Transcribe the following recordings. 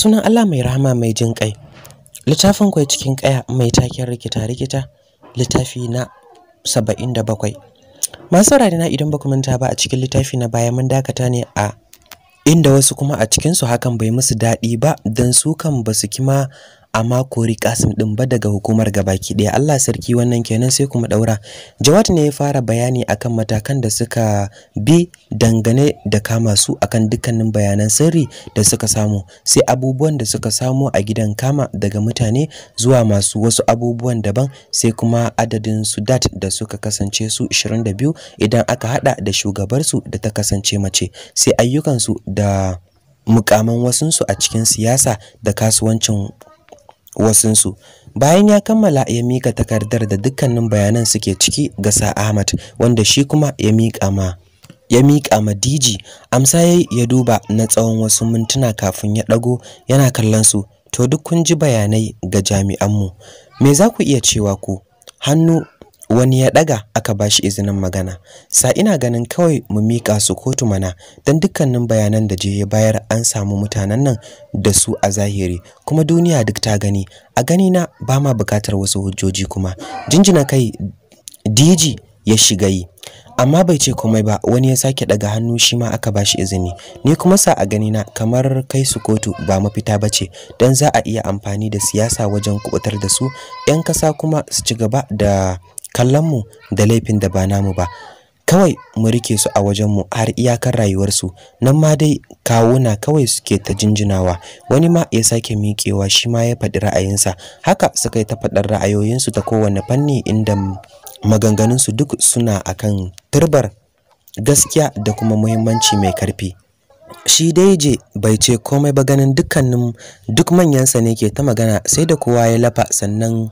sunan Allah mai rahama mai jin kai littafin kwai cikin kaya mai taken rikita rikita littafi na 77 masu na idan ba ku manta ba a cikin littafi na baya mun dakata ne a inda wasu kuma a cikin su hakan bai musu daɗi ba dan su kan basu kima amma kori Kasim din ba daga hukumar gabaki daya Allah sarki wannan kenan sai kuma daura Jawad ne ya fara bayani akan matakan da suka bi dangane da kama su akan dukkanin bayanan sirri da suka samu sai abubuwan da suka samu a gidan kama daga mutane zuwa masu wasu abubuwan daban sai kuma adadin su dat da suka kasance su 22 idan aka hada da shugabar su da ta kasance mace sai ayyukan su da mukaman wasunsu a cikin siyasa da kasuwancin wasunsu bayan ya kammala ya mika takardar da dukkanin bayanan suke ciki ga sa Ahmad wanda shi kuma ya mika ma ya miƙa ma Diji amsa yayi ya duba na tsawon wasu mintuna kafin ya ɗago yana kallon su to duk kun ji bayanai ga jami'anmu me za ku iya cewa ku hannu wani ya ɗaga aka bashi izinin magana sa ina ganin kawai mu mika su kotu mana dan dukkanin bayanan da je ya bayar an samu mutanen nan da su a zahiri kuma duniya duk ta gani a gani na ba ma bukatar wasu hujjoji kuma jinjina kai DG ya shiga yi amma bai ce komai ba wani ya sake daga hannu shi ma aka bashi izini ni kuma sa a gani na kamar kai su kotu ba mafita ba ce, dan za a iya amfani da siyasa wajen kubutar da su yan kasa kuma su ci gaba da kallon mu da laifin da ba namu ba kawai mu rike su a wajen mu har iyakar rayuwarsu nan ma dai kawuna kawai suke ta jinjinawa wani ma ya sake miƙewa shi ma ya faɗi ra'ayinsa haka suka yi ta faɗar ra'ayoyinsu ta kowane fanni inda maganganunsu duk suna akan turbar gaskiya da kuma muhimmanci mai karfi shi dai je bai ce komai ba ganin dukkanin duk manyansa ne ke ta magana sai da kowa ya lafa sannan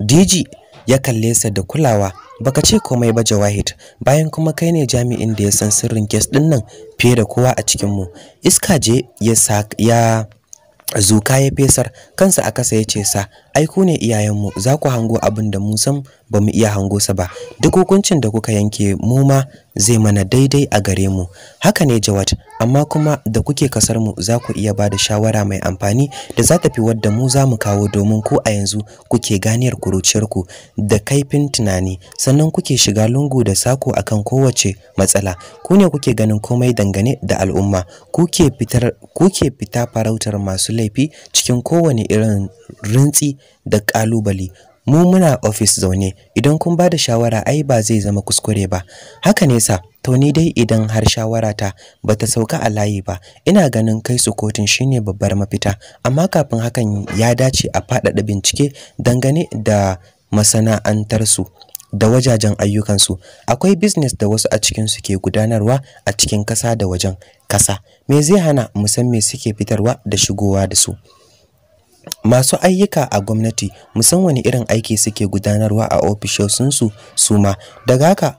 Diji ya kalle sa da kulawa baka ce komai ba Jawahid bayan kuma kai ne jami'in da ya san sirrin kes din nan fiye da kowa a cikin mu iska je ya ya zuka ya fesar kansa a kasa ya ce sa ai ku ne iyayenmu za ku hango abin da mu san ba mu iya hango sa ba duk hukuncin da kuka yanke mu ma zai mana daidai a gare mu haka ne jawat amma kuma da kuke kasar mu za ku iya ba da shawara mai amfani da za ta fi wadda mu za mu kawo domin ku a yanzu kuke ganiyar kuruciyar ku da kaifin tunani sannan kuke shiga lungu da sako akan kowace matsala ku ne kuke ganin komai dangane da al'umma kuke fitar kuke fita farautar masu laifi cikin kowane irin rintsi da ƙalubale mu muna ofis zaune idan kun ba da shawara ai ba zai zama kuskure ba haka ne sa to ni dai idan har shawara ta bata sauka a layi ba ina ganin kai su kotun shine babbar mafita amma kafin hakan ya dace a faɗaɗa bincike dangane da masana'antar su da wajajen ayyukansu akwai business da wasu a su ke gudanarwa a cikin kasa da wajen kasa me zai hana mu san me suke fitarwa da shigowa da su masu ayyuka a gwamnati mu san wani irin aiki suke gudanarwa a ofishinsu su ma daga haka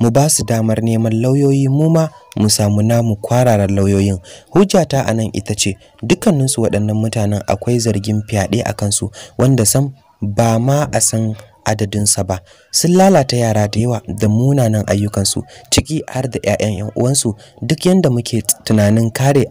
mu ba su damar neman lauyoyi mu ma mu samu namu kwararar lauyoyin hujjata nan ita ce dukkaninsu waɗannan mutanen akwai zargin fyaɗe a kansu wanda sam ba ma a san adadinsa ba sun lalata yara da yawa da munanan ayyukansu ciki har da 'ya'yan 'yan uwansu duk yanda muke tunanin kare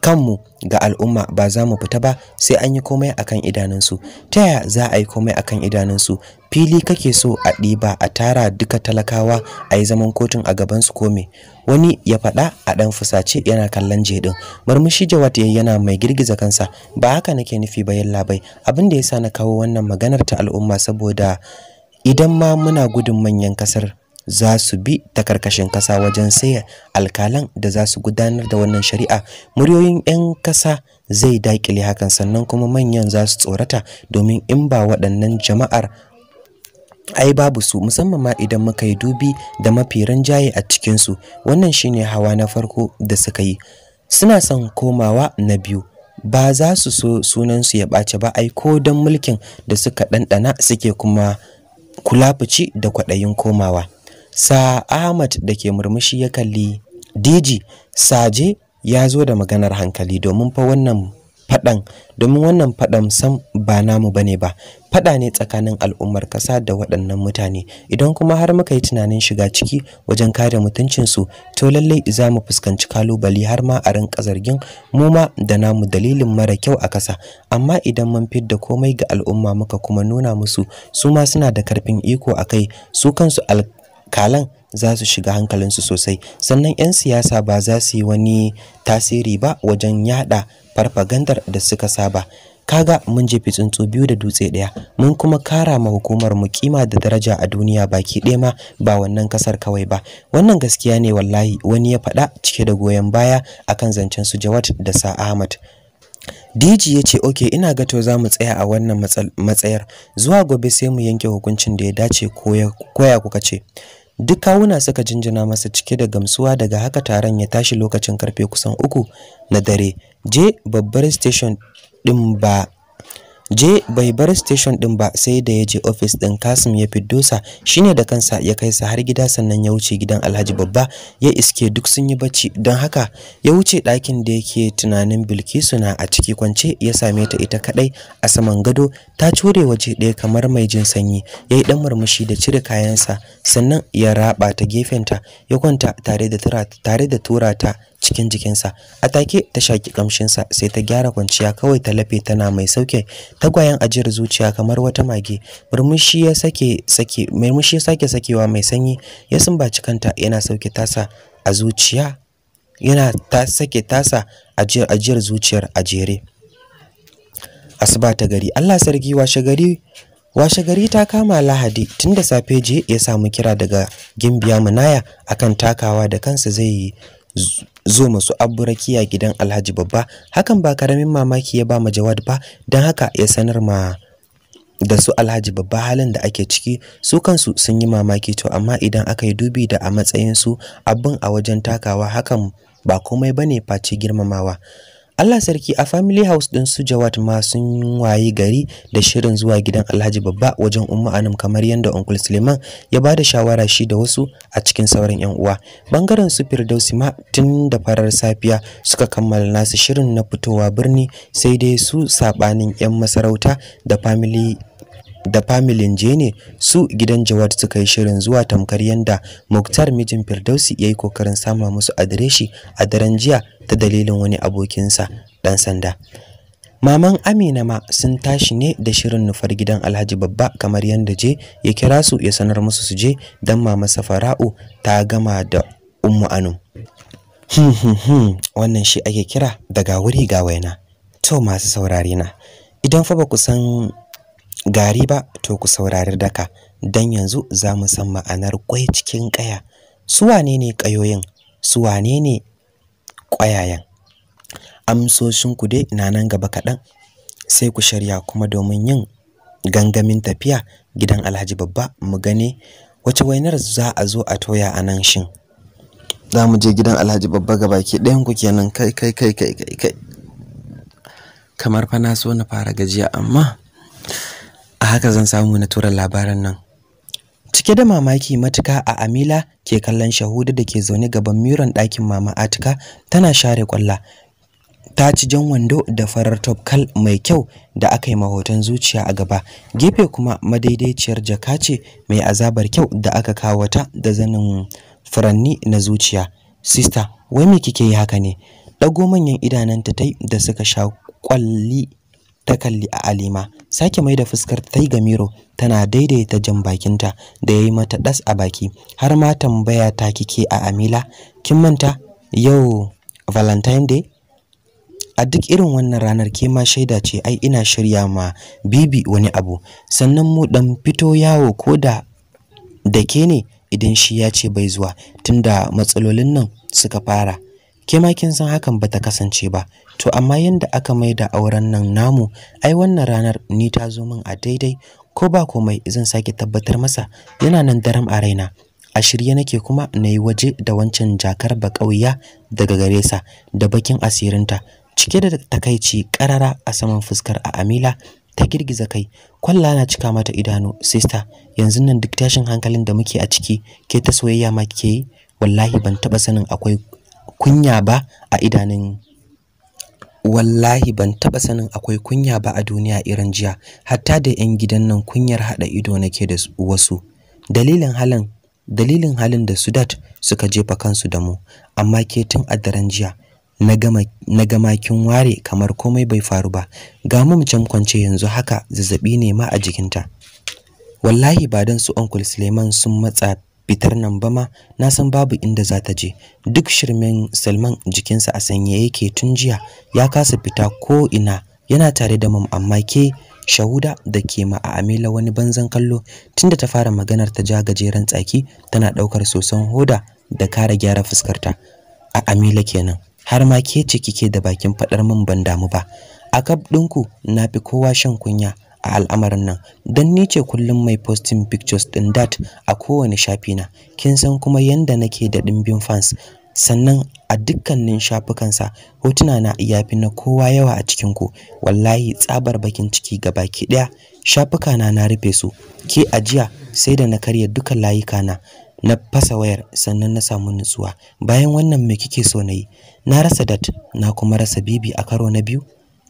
kanmu ga al'umma ba za mu fita ba sai an yi komai akan idanunsu ta yaya za a yi komai akan idanunsu fili kake so a ɗiba a tara duka talakawa a yi zaman kotun a gabansu kome wani ya faɗa a ɗan fusace yana kallon jeɗin. murmushi jawat yana mai girgiza kansa ba haka nake nufi ba yalla bai abin da yasa na kawo wannan maganar ta al'umma saboda idan ma muna gudun manyan kasar za su bi ta karkashin kasa wajen saya alkalan da za su gudanar da wannan shari'a muryoyin 'yan kasa zai daƙile hakan sannan kuma manyan za su tsorata domin in ba waɗannan jama'ar ai babu su musamman ma idan muka yi dubi da mafi ranjaye a cikinsu wannan shine hawa na farko da suka yi suna son komawa na biyu ba za su so sunansu ya ɓace ba ai ko don mulkin da suka ɗanɗana suke kuma kulafuci da kwaɗayin komawa Sa Ahmad da ke murmushi ya kalli Diji Saje ya zo da maganar hankali domin fa wannan faɗan domin wannan faɗan sam ba namu bane ba faɗa ne tsakanin al'ummar ƙasa da waɗannan mutane idan kuma har muka yi tunanin shiga ciki wajen kare mutuncinsu to lallai za mu fuskanci kalubale har ma a rinƙa zargin mu ma da namu dalilin mara kyau a ƙasa amma idan mun da komai ga al'umma muka kuma nuna musu su ma suna da karfin iko a kai su kansu al kalan za su shiga hankalinsu sosai sannan 'yan siyasa ba za su yi wani tasiri ba wajen yada farfagandar da suka saba kaga mun jefi tsuntsu biyu da dutse ɗaya mun kuma kara ma hukumar mu kima da daraja a duniya baki ɗaya ma ba wannan kasar kawai ba wannan gaskiya ne wallahi wani ya faɗa cike da goyon baya akan zancen su Jawad da Sa Ahmad DG ya ce okay ina gato za mu tsaya a wannan matsayar zuwa gobe sai mu yanke hukuncin da ya dace koya kuka ce duk kawuna suka jinjina masa cike da gamsuwa daga haka taron ya tashi lokacin karfe kusan uku na dare je babbar station ɗin ba je bai bar station din ba sai da yaje je office din Kasim ya fiddo sa shine da kansa ya kai sa har gida sannan ya wuce gidan Alhaji Babba ya iske duk sun yi bacci don haka ya wuce ɗakin da yake tunanin Bilkisu na a ciki kwance ya same ta ita kadai a saman gado ta cure waje ɗaya kamar mai jin sanyi yayi dan murmushi da cire kayansa sannan ya raba ta gefenta ya kwanta tare da tare da tura ta cikin jikinsa a take ta shaki kamshinsa sai ta gyara kwanciya kawai ta lafe tana mai sauke tagwayen ajiyar zuciya kamar wata mage murmushi ya sake sake murmushi ya sake sakewa mai sanyi ya sumbaci kanta yana sauke tasa a zuciya yana ta sake tasa ajiyar ajiyar zuciyar a jere asuba ta gari Allah sarki washe gari washe gari ta kama lahadi tunda da safe je ya samu kira daga gimbiya munaya akan takawa da kansa zai yi zo masu aburakiya gidan Alhaji babba hakan ba karamin mamaki ya ba ma Jawad ba don haka ya sanar ma da su Alhaji babba halin da ake ciki su kansu sun yi mamaki to amma idan aka yi dubi da a matsayin su abin a wajen takawa hakan ba komai bane face girmamawa Allah sarki a family house din su Jawad ma sun waye gari da shirin zuwa gidan Alhaji Babba wajen Umma Anum kamar yadda Uncle Suleiman ya bada shawara shi da wasu a cikin sauran yan uwa. Bangaren su Firdausi ma tun da farar safiya suka kammala nasu shirin na fitowa birni sai dai su sabanin yan masarauta da family da familin Jene su gidan Jawad suka yi shirin zuwa tamkar yanda Muktar mijin Firdausi ya yi kokarin sama musu adireshi a daren jiya ta dalilin wani abokinsa dan sanda. Maman Amina ma sun tashi ne da shirin nufar gidan Alhaji Babba kamar yanda je ya kira su ya sanar musu su je dan mama Safara'u ta gama da Ummu Anu. Hmm, hmm, hmm, wannan shi ake kira daga wuri ga waina. To masu saurare na, idan fa ba ku san gari ba to ku saurari daka dan yanzu za mu san ma'anar kwai cikin kaya su wane ne kayoyin su wane ne kwayayen amsoshin ku dai na nan gaba kaɗan sai ku shirya kuma domin yin gangamin tafiya gidan alhaji babba mu gane wace wainar za a zo a toya a nan shin za mu je gidan alhaji babba gaba ke ɗayan ku kenan kai kai kai kai kai kamar fa na so na fara gajiya amma a haka zan samu na tura labaran nan cike da mamaki matuka a amila ke kallon shahuda da ke zaune gaban miron ɗakin mama atika tana share kwalla ta ci jan wando da farar topkal mai kyau da aka yi mahoton zuciya a gaba gefe kuma madaidaiciyar jaka ce mai azabar kyau da aka kawo kawata da zanin furanni na zuciya sista wai me kike yi haka ne ɗago manyan idananta tai da suka sha kwalli ta kalli a Alima sake mai da fuskar ta yi ga tana daidaita jan bakinta da yayi mata das a baki har ma tambaya ta kike a Amila kin manta yau Valentine Day a duk irin wannan ranar ke ma shaida ce ai ina shirya ma bibi wani abu sannan mu dan fito yawo koda da ke ne idan shi ya ce bai zuwa tunda matsalolin nan suka fara ke ma kin san hakan bata kasance ba to amma yanda aka mai da auren nan namu ai wannan ranar ni ta zo min a daidai ko ba komai zan sake tabbatar masa yana nan daram a raina a shirye nake kuma na yi waje da wancan jakar bakauya daga gare sa da bakin asirinta cike da takaici karara a saman fuskar a amila ta girgiza kai kwalla na cika mata idanu sister yanzu nan duk tashin hankalin da muke a ciki ke ta soyayya ma kike yi wallahi ban taba sanin akwai kunya ba a idanun wallahi ban taba sanin akwai kunya ba a duniya irin jiya hatta da yan gidan nan kunyar hada ido nake da wasu dalilin halin dalilin halin da Sudat suka jefa kansu da mu amma ke tun a daren jiya na gama kin ware kamar komai bai faru ba ga mu mucin kwance yanzu haka zazzabi ne ma a jikinta wallahi ba dan su uncle Suleiman sun matsa fitar nan ba ma na san babu inda za ta je duk shirmen Salman jikinsa a sanye yake tun jiya ya kasa fita ko ina yana tare da mam amma ke shahuda da ke ma a amila wani banzan kallo tunda ta fara maganar ta ja gajeren tsaki tana daukar soson hoda da kara gyara fuskarta a amila kenan har ma ke ce kike da bakin fadar min ban damu ba a kab dinku na fi kowa shan kunya a al'amarin nan don ni ce kullum mai posting pictures din dat a kowane shafi na kin san kuma yanda nake da dimbin fans sannan a dukkanin shafukansa hotuna na iya fi na kowa yawa a cikin ku wallahi tsabar bakin ciki gaba ki daya shafuka na na rufe su ke ajiya sai da na karya duka layuka na na fasa wayar sannan na samu nutsuwa bayan wannan me kike so nayi na rasa dat na kuma rasa bibi a karo na biyu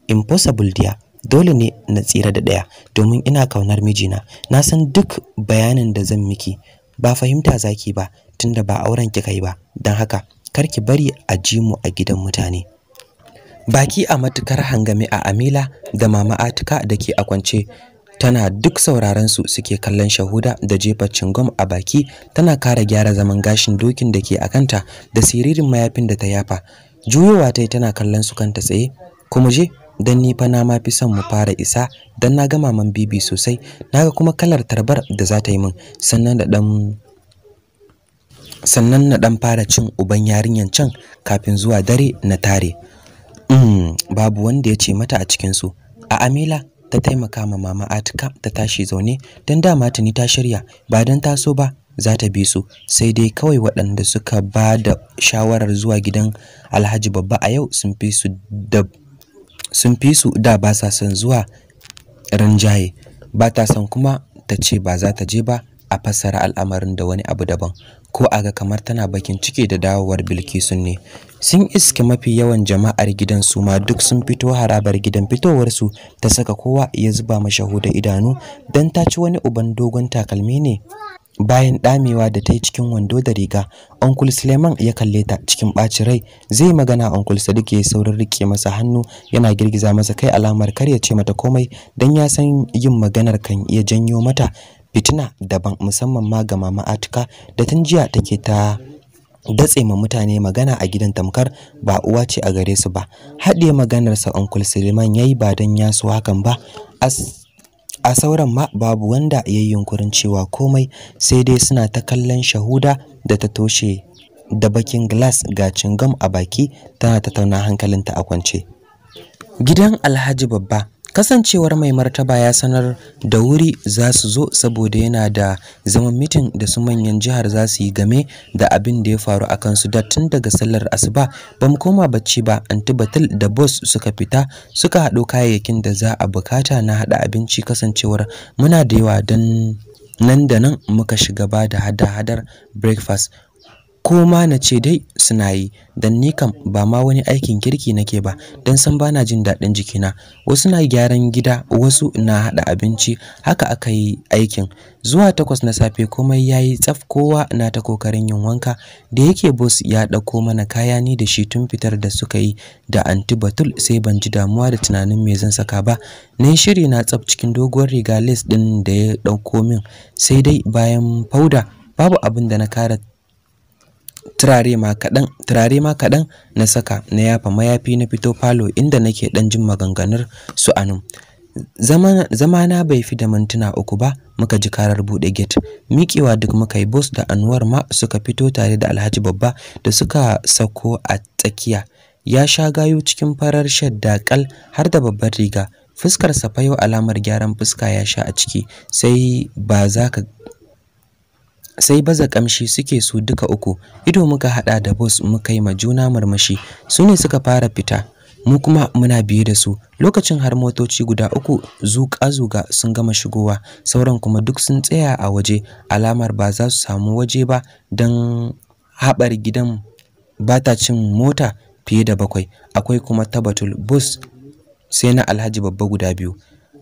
impossible dia dole ne na tsira da ɗaya domin ina kaunar mijina na san duk bayanin da zan miki ba fahimta zaki ba tunda ba auren ki kai ba dan haka kar ki bari a ji mu a gidan mutane baki a matukar hangami a amila da mama atika da ke a kwance tana duk sauraron su suke kallon shahuda da jefa cingom a baki tana kara gyara zaman gashin dokin da ke akanta da siririn mayafin da ta yafa juyowa tai tana kallon su kanta tsaye kuma je don ni fa na ma fi son mu fara isa don na ga maman bibi sosai na ga kuma kalar tarbar da za ta yi min sannan da dan sannan na dan fara cin uban yarinyan can kafin zuwa dare na tare mm, babu wanda ya ce mata a cikin su a amila ta taimaka ma mama atika ta tashi zaune don dama tuni ta shirya ba don taso ba za ta bi su sai dai kawai waɗanda suka ba da shawarar zuwa gidan alhaji babba a yau sun fi su da sun fi su da ba sa son zuwa rinjaye ba ta son kuma ta ce ba za ta je ba a fassara al'amarin da wani abu daban ko a ga kamar tana bakin cike da dawowar bilkisun ne sun iske mafi yawan jama'ar gidan su ma duk sun fito harabar gidan fitowarsu ta saka kowa ya zuba mashahu da idanu Dan ta ci wani uban dogon takalmi ne bayan damewa da ta yi cikin wando da riga uncle Suleiman ya kalle ta cikin ɓacin rai zai magana uncle Sadiq ya saurin rike masa hannu yana girgiza masa kai alamar kar ya ce mata komai dan ya san yin maganar kan iya janyo mata fitina daban musamman ma ga mama Atika da tun jiya take ta datse ma mutane magana a gidan tamkar ba uwa ce a gare su ba haɗe maganarsa uncle Suleiman yayi ba dan ya so hakan ba as a sauran ma babu wanda ya yi yunkurin cewa komai sai dai suna ta kallon shahuda da ta toshe da bakin glass ga gam a baki tana ta tauna hankalinta a kwance gidan alhaji babba kasancewar mai martaba ya sanar da wuri za su zo saboda yana da zaman mitin da su manyan jihar za su yi game da abin da ya faru a kansu da tun daga sallar asuba ba mu koma bacci ba anti batul da boss suka fita suka haɗo kayayyakin da za a bukata na haɗa abinci kasancewar muna da yawa don nan da nan muka shiga ba da hada-hadar breakfast Koma na ce dai suna yi dan ni kam ba ma wani aikin kirki nake ba dan san bana jin daɗin jikina wasu na gyaran gida wasu na haɗa abinci haka aka yi aikin zuwa takwas na safe komai ya yi tsaf kowa na ta kokarin yin wanka da yake boss ya ɗauko mana kaya ni da shi tun fitar da suka yi da anti sai ban ji damuwa da tunanin me zan saka ba na shiri na tsaf cikin doguwar riga les ɗin da ya ɗauko min sai dai bayan fauda babu abin da na kara turare ma kaɗan turare ma kaɗan na saka na yafa mayafi na fito falo inda nake ɗan jin maganganar su anum zamana bai fi da mintuna uku ba muka ji karar buɗe gate miƙewa duk muka yi bus da anwar ma suka fito tare da alhaji babba da suka sako a tsakiya ya sha gayu cikin farar shadda kal har da babbar riga fuskar sa fa alamar gyaran fuska ya sha a ciki sai ba za ka sai baza kamshi suke su duka uku ido muka hada da boss muka yi ma juna murmushi su ne suka fara fita mu kuma muna biye da su lokacin har motoci guda uku zuƙa zuga sun gama shigowa sauran kuma duk sun tsaya a waje alamar ba za su samu waje ba dan haɓar gidan bata cin mota fiye da bakwai akwai kuma tabatul bus sai na alhaji babba guda biyu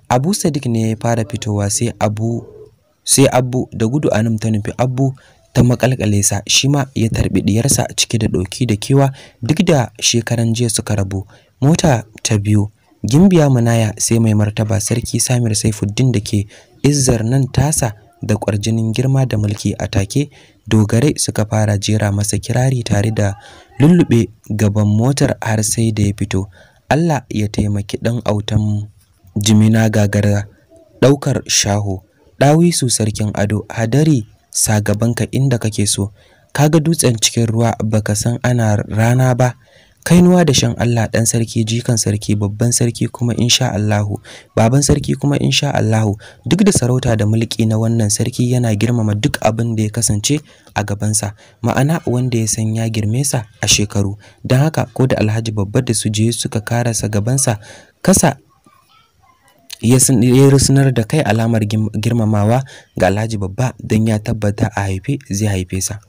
abu sadiq ne ya fara fitowa sai abu sai abbu da gudu anum ta nufi abbu ta makalkale sa shi ma ya tarbi diyarsa cike da doki da kewa duk da shekaran jiya suka rabu mota ta biyu gimbiya munaya sai mai martaba sarki samir saifuddin da ke izzar nan tasa da kwarjinin girma da mulki a take dogare suka fara jera masa kirari tare da lullube gaban motar har sai da ya fito Allah ya taimaki dan autan jimina gagara daukar shaho ɗawisu sarkin ado hadari sagabanka inda kake so kaga dutsen cikin ruwa baka san ana rana ba kainuwa da shan Allah dan sarki jikan sarki babban sarki kuma insha Allahu baban sarki kuma insha Allahu duk da sarauta da mulki na wannan sarki yana girmama duk abin da ya kasance a gabansa ma'ana wanda ya san ya girme sa a shekaru don haka ko da Alhaji babbar da suje suka karasa gabansa kasa ya rusunar da kai alamar girmamawa ga Alhaji Babba don ya tabbata a haife zai haife sa.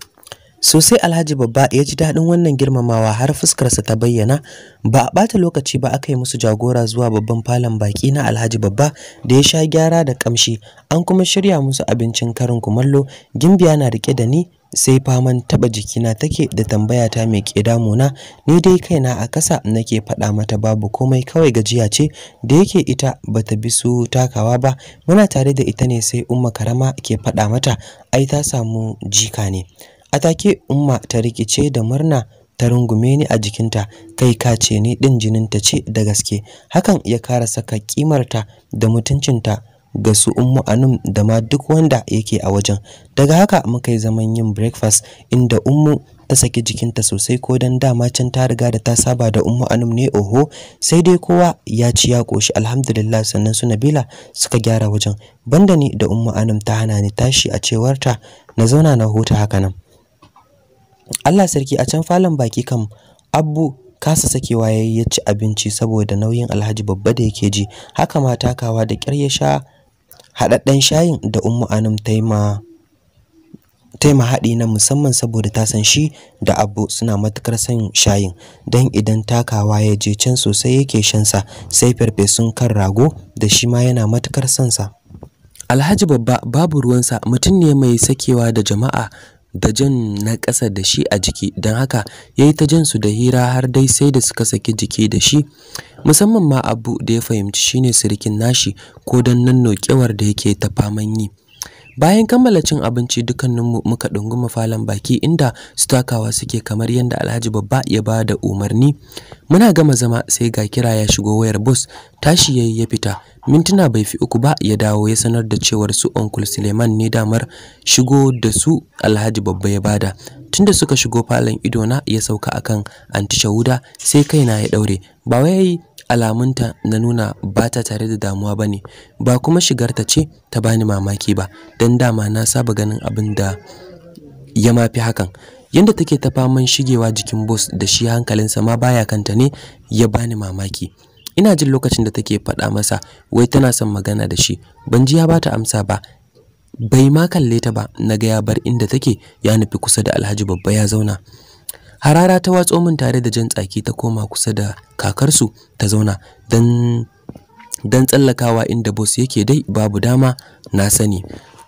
Sosai Alhaji Babba ya ji daɗin wannan girmamawa har fuskarsa ta bayyana ba a ɓata lokaci ba aka yi musu jagora zuwa babban falon baƙi na Alhaji Babba da ya sha gyara da ƙamshi an kuma shirya musu abincin karin kumallo gimbiya na riƙe da ni sai faman taba jikina take da tambaya ta mai ke damuna ni dai kaina a kasa nake faɗa mata babu komai kawai gajiya ce da yake ita bata bi su takawa ba muna tare da ita ne sai umma karama ke faɗa mata ai ta samu jika ne a take umma ta rikice da murna ta rungume ni a jikinta kai ka ce ni din ta ce da gaske hakan ya kara saka kimarta da mutuncinta ga su ummu anum da ma duk wanda yake a wajen daga haka muka yi zaman yin breakfast inda ummu ta saki jikinta sosai ko dan dama can ta riga da ta saba da ummu anum ne oho sai dai kowa ya ci ya koshi alhamdulillah sannan su nabila suka gyara wajen banda ni da ummu anum ta hana ni tashi a cewarta na zauna na huta haka nan Allah sarki a can falon baki kam abbu kasa sakewa yayi ya ci abinci saboda nauyin alhaji babba da yake ji haka ma takawa da ƙyar ya sha haɗaɗɗen shayin da Ummu Anum ta taima haɗi na musamman saboda ta san shi da abu suna matukar son shayin don idan takawa ya je can sosai yake shansa sai farfesun kan rago da shi ma yana matukar son sa alhaji babba babu ruwansa mutum ne mai sakewa da jama'a da jan na ƙasa da shi a jiki don haka ya yi ta jan su da hira har dai sai da suka saki jiki da shi musamman ma abu da ya fahimci shine sirikin nashi ko don nan nokewar da yake ta faman yi Bayan kammala cin abinci dukkaninmu muka ɗunguma falon baki inda su takawa suke kamar yadda Alhaji Babba ya ba da umarni. Muna gama zama sai ga kira ya shigo wayar bus tashi yayi ya fita. Mintuna bai fi uku ba ya dawo ya sanar da cewar su Uncle Suleiman ne damar shigo da su Alhaji Babba ya bada. Tunda suka shigo falon ido na ya sauka akan Anti shahuda sai kaina ya daure. Ba wai alamunta na nuna ba ta tare da damuwa ba ne ba kuma shigarta ce ta bani mamaki ba don dama na saba ganin abin da ya mafi hakan yadda take ta faman shigewa jikin bos da shi hankalinsa ma baya kanta ne ya bani mamaki ina jin lokacin da take faɗa masa wai tana son magana da shi ban ji ya ba ta amsa ba bai ma kalle ta ba ga ya bar inda take ya nufi kusa da Alhaji babba ya zauna harara ta watso min tare da jan tsaki ta koma kusa da kakarsu ta zauna dan dan tsallakawa inda boss yake dai babu dama na sani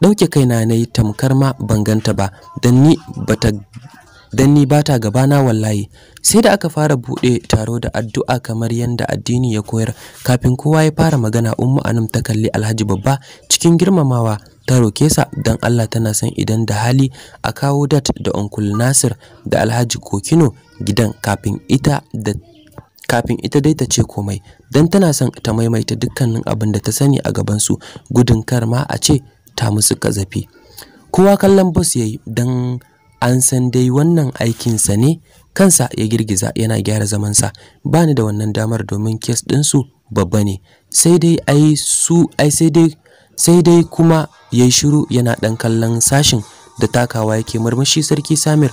dauke kaina nayi tamkar ma ban ganta ba dan ni bata dan gabana wallahi sai da aka fara buɗe taro da addu'a kamar yadda addini ya koyar kafin kowa ya fara magana ummu anum ta kalli alhaji babba cikin girmamawa ta roke sa don Allah tana son idan da hali a kawo dat da Uncle Nasir da Alhaji Kokino gidan kafin ita da kafin ita dai ta ce komai don tana son ta maimaita dukkanin abin da ta sani a gaban su gudun kar ma a ce ta musu kazafi kowa kallon bus yayi don an san dai wannan aikinsa ne kansa ya girgiza yana gyara zaman sa bani da wannan damar domin kes ɗinsu babba ne sai dai ai su ai sai dai sai dai kuma ya yi shiru yana ɗan kallon sashin da takawa yake murmushi sarki samir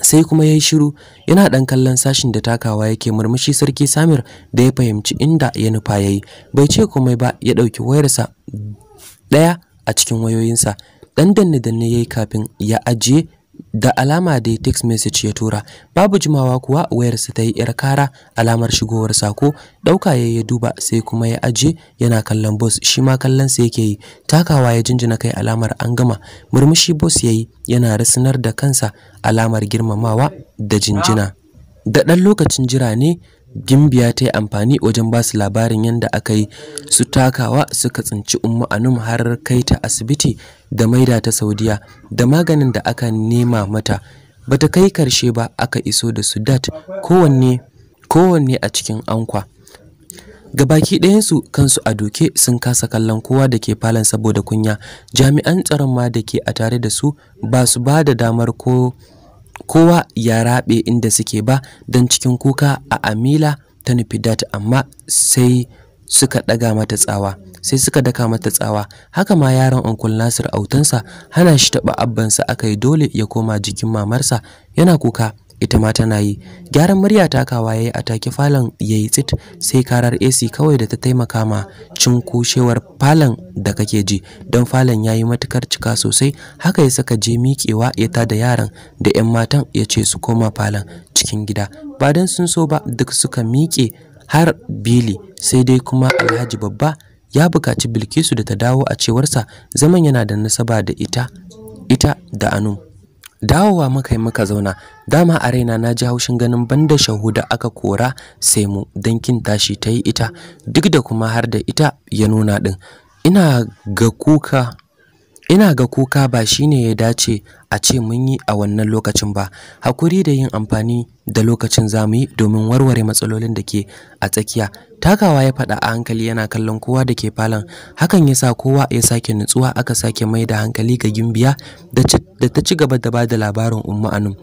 sai kuma ya yi shiru yana ɗan kallon sashin da takawa yake murmushi sarki samir da ya fahimci inda ya nufa ya yi bai ce komai ba ya ɗauki wayarsa ɗaya a cikin wayoyinsa ɗan danne danne ya yi kafin ya ajiye da alama dai text message ya tura babu jimawa kuwa wayarsa ta yi yar kara alamar shigowar sako dauka ya ya duba sai kuma ya aje yana kallon boss shi ma kallon sa yake yi takawa ya jinjina kai alamar an gama murmushi boss yi yana rasunar da kansa alamar girmamawa da jinjina da dan lokacin jira ne gimbiya ta yi amfani wajen ba su labarin yadda aka yi su takawa suka tsinci umma anum har kai ta asibiti da maida ta saudiya da maganin da aka nema mata bata kai karshe ba aka iso da sudat kowanne kowanne a cikin ankwa gabaki ɗayansu kansu a doke sun kasa kallon kowa da ke falon saboda kunya jami'an tsaron ma da ke a tare da su ba su ba da damar ko kowa ya raɓe inda suke ba don cikin kuka a amila ta nufi dat amma sai suka ɗaga mata tsawa sai suka daka mata tsawa haka ma yaron onkul nasir autansa hana shi taɓa abbansa aka yi dole ya koma jikin mamarsa yana kuka ita ma tana yi gyaran murya takawa yayi a take falon yayi tsit sai karar AC kawai da ta taimaka ma cin kushewar falon da kake ji don falon yayi matukar cika sosai haka ya saka je miƙewa ya tada yaran da ƴan matan ya ce su koma falon cikin gida ba dan sun so ba duk suka miƙe har Bili sai dai kuma Alhaji babba ya buƙaci Bilkisu da ta dawo a cewarsa zaman yana da nasaba da ita ita da anu. dawowa muka yi muka zauna dama a raina na ji haushin ganin banda shahuda aka kora sai mu don tashi ta yi ita duk da kuma har da ita ya nuna din ina ga kuka Ina ga kuka ba shine ya dace a ce mun yi a wannan lokacin ba. Hakuri da yin amfani da lokacin za yi domin warware matsalolin da ke a tsakiya. Takawa ya faɗa a hankali yana kallon kowa da ke falon. Hakan ya sa kowa ya sake nutsuwa aka sake mai da hankali ga gimbiya da ta ci gaba da ba da labarin Umma Anum.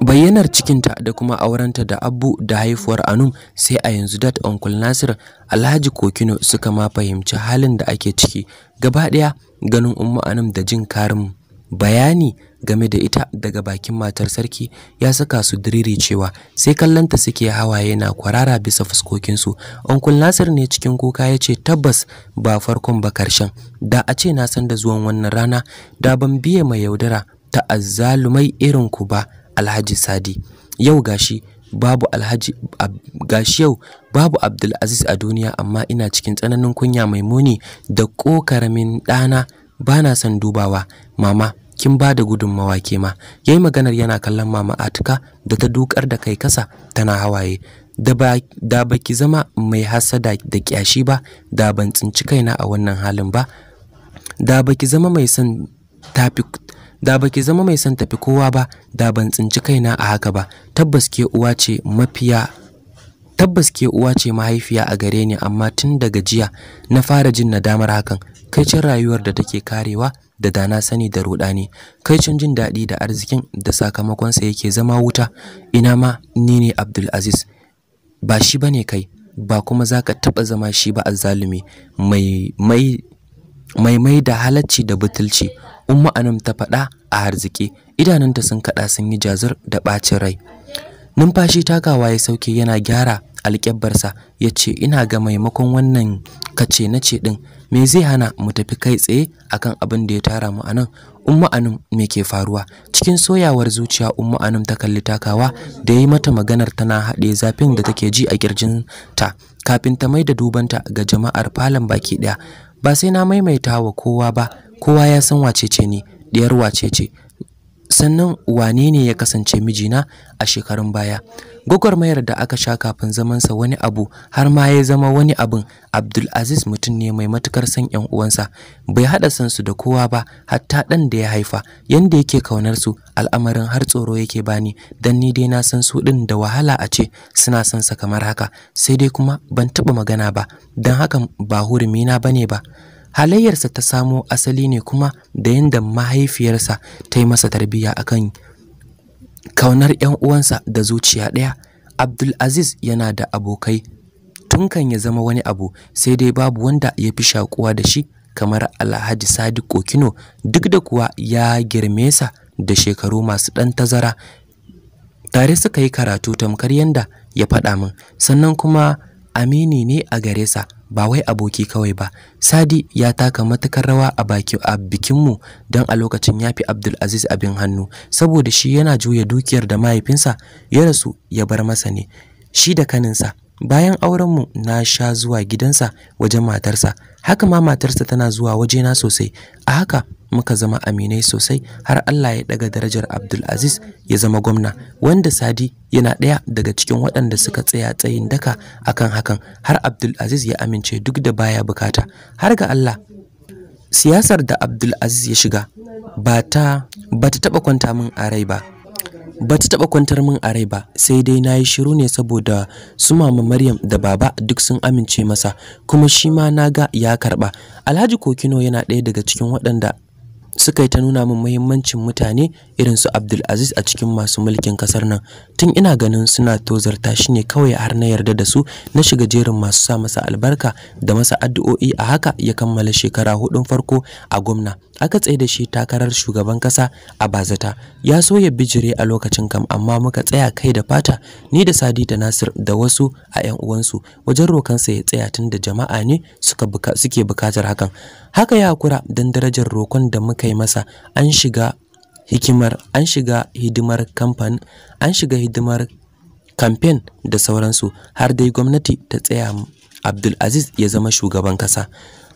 bayyanar cikinta da kuma aurenta da abu da haifuwar anum sai a yanzu dat uncle nasir alhaji kokino suka ma fahimci halin da ake ciki gaba ɗaya ganin umma anum da jin karin bayani game da ita daga bakin matar sarki ya saka su diriri cewa sai kallanta suke hawaye na kwarara bisa fuskokinsu onkul nasir ne cikin kuka ya ce tabbas ba farkon ba karshen da a ce na san da zuwan wannan rana da ban biye mai yaudara ta azzalumai irin ku ba Alhaji Sadi yau gashi babu Alhaji gashi yau babu Abdulaziz a duniya amma ina cikin tsananin kunya mai muni da kokaramin ɗana bana son dubawa mama kin ba da gudunmawa ke ma yayi maganar yana kallon mama Atika da ta dukar da kai kasa tana hawaye da baki zama mai hasada da kyashi ba da ban tsinci kaina a wannan halin ba da baki zama mai son tafi da baki zama mai son tafi kowa ba da ban tsinci kaina a haka ba tabbas ke uwa ce mafiya tabbas ke uwa ce mahaifiya a gare ni amma tun daga jiya na fara jin nadamar hakan kai cin rayuwar da take karewa da dana sani da rudani kai cin jin daɗi da arzikin da sakamakonsa yake zama wuta ina ma ni ne abdul aziz ba shi bane kai ba kuma za ka taɓa zama shi ba azzalumi mai mai mai mai da halacci da butulci Umma Anam ta faɗa a harzike idanunta sun kaɗa sun yi jazur da ɓacin rai numfashi takawa ya sauke yana gyara alƙyabbarsa ya ce ina ga maimakon wannan kace na ce ɗin me zai hana mu tafi kai tsaye akan abin da ya tara mu anan umma anum me ke faruwa cikin soyawar zuciya umma anum ta kalli takawa da yi mata maganar tana haɗe zafin da take ji a kirjin ta kafin ta mai da dubanta ga jama'ar falon baki ɗaya ba sai na maimaita wa kowa ba kowa ya san wacece ni diyar wacece sannan wane ne ya kasance mijina a shekarun baya gwagwarmayar da aka sha kafin zamansa wani abu har ma ya zama wani abin abdulaziz mutum ne mai matukar san yan uwansa bai haɗa san su da kowa ba hatta ɗan da ya haifa yanda yake kaunar su al'amarin har tsoro yake bani dan ni dai na san su ɗin da wahala a ce suna son sa kamar haka sai dai kuma ban taɓa magana ba dan hakan ba hurumi na bane ba halayyarsa ta samo asali ne kuma da yanda mahaifiyarsa ta yi masa tarbiyya akan kaunar 'yan uwansa da zuciya ɗaya Abdul aziz yana da abokai tun kan ya zama wani abu sai dai babu wanda ya fi shakuwa da shi kamar alhaji sadiq kokino duk da kuwa ya girme sa da shekaru masu ɗan tazara tare suka yi karatu tamkar yanda ya faɗa min sannan kuma amini ne a gare sa ba wai aboki kawai ba sadi ya taka matukar rawa a baki a bikinmu don a lokacin ya fi abdulaziz abin hannu saboda shi yana juya dukiyar da mahaifinsa ya rasu ya bar masa ne shi da kaninsa bayan aurenmu na sha zuwa gidansa wajen matarsa haka ma matarsa tana zuwa wajena sosai a haka muka zama aminai sosai har Allah ya daga darajar Abdul Aziz ya zama gwamna wanda Sadi yana ɗaya daga cikin waɗanda suka tsaya tsayin daka akan hakan har Abdul Aziz ya amince duk da baya bukata har ga Allah siyasar da Abdul Aziz ya shiga ba ta ba ta taba kwanta min a ba ba ta taba kwantar min a rai ba sai dai na yi shiru ne saboda su mama Maryam da baba duk sun amince masa kuma shi ma na ga ya karba Alhaji Kokino yana ɗaya daga cikin waɗanda suka yi ta nuna min muhimmancin mutane irin su Abdulaziz a cikin masu mulkin kasar nan tun ina ganin suna tozarta shi ne kawai har na yarda da su na shiga jerin masu sa masa albarka da masa addu'o'i a haka ya kammala shekara hudun farko a gwamna aka tsaye da shi takarar shugaban kasa a bazata ya so ya bijire a lokacin kam amma muka tsaya kai da fata ni da Sadi da Nasir da wasu a 'yan uwansu wajen rokansa ya tsaya tun da jama'a ne suke bukatar hakan haka ya kura don darajar rokon da muka yi masa an shiga hikimar an shiga hidimar kamfan an shiga hidimar kamfen da sauransu har dai gwamnati ta tsaya Abdul Aziz ya zama shugaban kasa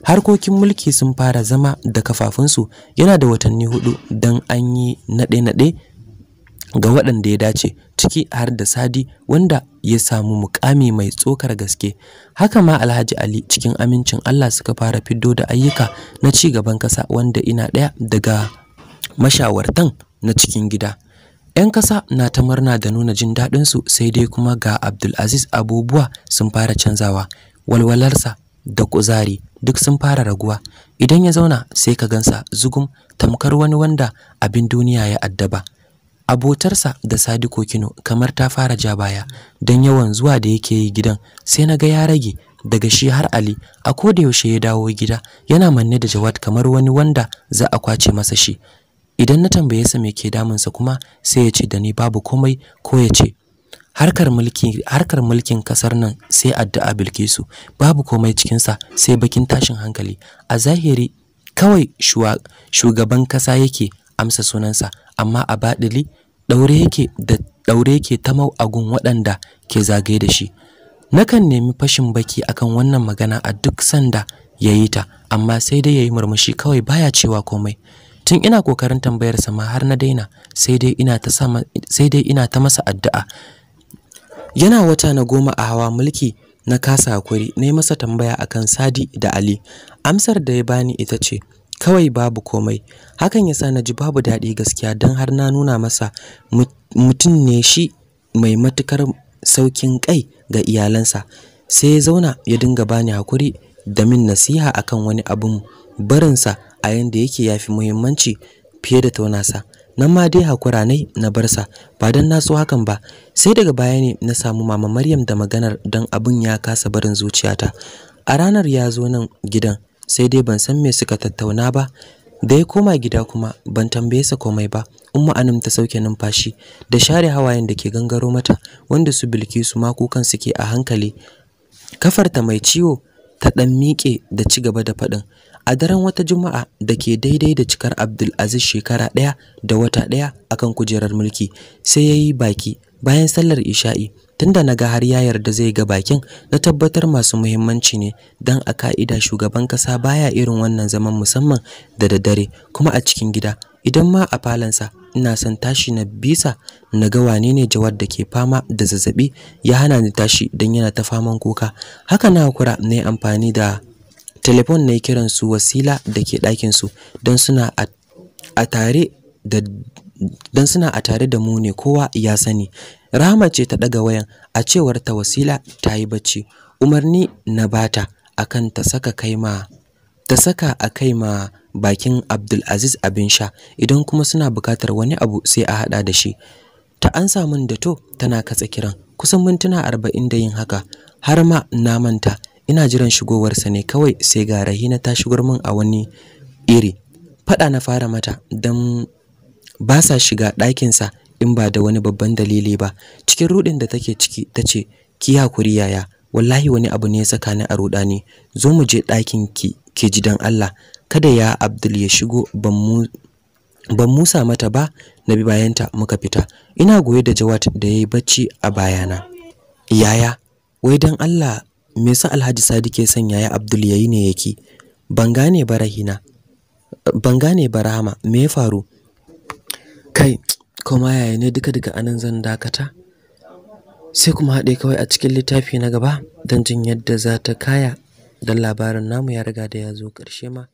harkokin mulki sun fara zama da kafafunsu yana da watanni hudu don an yi naɗe-naɗe ga waɗanda ya dace ciki har da Sadi wanda ya samu mukami mai tsokar gaske haka ma Alhaji Ali cikin amincin Allah suka fara fiddo da ayyuka na ci gaban ƙasa wanda ina ɗaya daga mashawartan na cikin gida 'Yan kasa na ta murna da nuna jin daɗinsu sai dai kuma ga Abdulaziz abubuwa sun fara canzawa, walwalarsa da kuzari duk sun fara raguwa. Idan ya zauna sai ka gansa zugum tamkar wani wanda abin duniya ya addaba. abotarsa da Sadiko Kino kamar ta fara ja baya don yawan zuwa da yake yi gidan sai na ga ya rage daga shi har Ali a koda yaushe ya dawo gida yana manne da Jawad kamar wani wanda za a kwace masa shi idan na tambaye sa me ke damunsa kuma sai ya ce da ni babu komai ko ya ce harkar mulki harkar mulkin kasar nan sai addu'a Bilkisu babu komai cikin sa sai bakin tashin hankali a zahiri kawai shugaban kasa yake amsa sunansa amma a baɗili ɗaure yake da ɗaure yake ta mau'agun waɗanda ke zagaye da shi nakan nemi fashin baki akan wannan magana a duk sanda ya yi ta amma sai dai ya yi murmushi kawai baya cewa komai tun ina kokarin tambayar sa ma har na daina sai dai ina ta sama sai dai ina ta masa addu'a yana wata na goma a hawa mulki na kasa hakuri na yi masa tambaya akan Sadi da Ali amsar da ya bani ita ce kawai babu komai hakan yasa na ji babu daɗi gaskiya don har na nuna masa mutum ne shi mai matukar saukin kai ga iyalansa sai ya zauna ya dinga bani hakuri da min nasiha akan wani abun barinsa a yanda yake yafi muhimmanci fiye da taunasa nan ma dai hakura ne na barsa ba don na so hakan ba sai daga baya ne na samu mama Maryam da maganar don abun ya kasa barin zuciyata a ranar ya zo nan gidan sai dai ban san me suka tattauna ba da ya koma gida kuma ban tambaye sa komai ba umma anum ta sauke numfashi da share hawayen da ke gangaro mata wanda su bilkisu ma kukan suke a hankali kafarta mai ciwo ta dan miƙe da ci gaba da faɗin a daren wata juma'a da ke daidai da cikar Abdul aziz shekara ɗaya da wata ɗaya akan kujerar mulki sai ya yi baki bayan sallar isha'i tunda na ga har ya yarda zai ga bakin na tabbatar masu muhimmanci ne dan a ka'ida shugaban kasa baya irin wannan zaman musamman da daddare kuma a cikin gida idan ma a falansa ina son tashi na bisa na ga wane ne jawad da ke fama da zazzabi ya hana ni tashi dan yana ta faman kuka haka na kura na amfani da telefon na kiran su wasila da ke ɗakin su don suna a tare da don suna a tare da mu ne kowa ya sani Rahama ce ta daga wayan a cewar ta Wasila ta yi bacci. Umarni na bata akan ta saka kaima ta saka a kaima bakin Abdulaziz abin sha idan kuma suna bukatar wani abu sai a hada da shi. Ta ansa min da to tana katsa kiran kusan mintuna arba'in da yin haka har ma na manta ina jiran shigowarsa ne kawai sai ga Rahina ta shigar min a wani iri. Fada na fara mata don ba sa shiga ɗakinsa in ba da wani babban dalili ba cikin rudin da take ciki tace ki hakuri yaya wallahi wani abu ne tsakanin a ne. zo mu je ɗakin ki ke ji dan Allah kada ya Abdul ya shigo ban mu ban musa mata ba na bi bayanta muka fita ina goye da Jawad da yayi bacci a bayana yaya wai dan Allah me yasa Alhaji Sadi ke son yaya Abdul yayi ne yake ban gane ba ban gane ba Rahama me ya faru kai Koma yaya ne duka-duka anan zan dakata. Sai kuma haɗe kawai a cikin littafi na gaba don jin yadda za ta kaya don labarin namu ya riga da ya zo ƙarshe ma.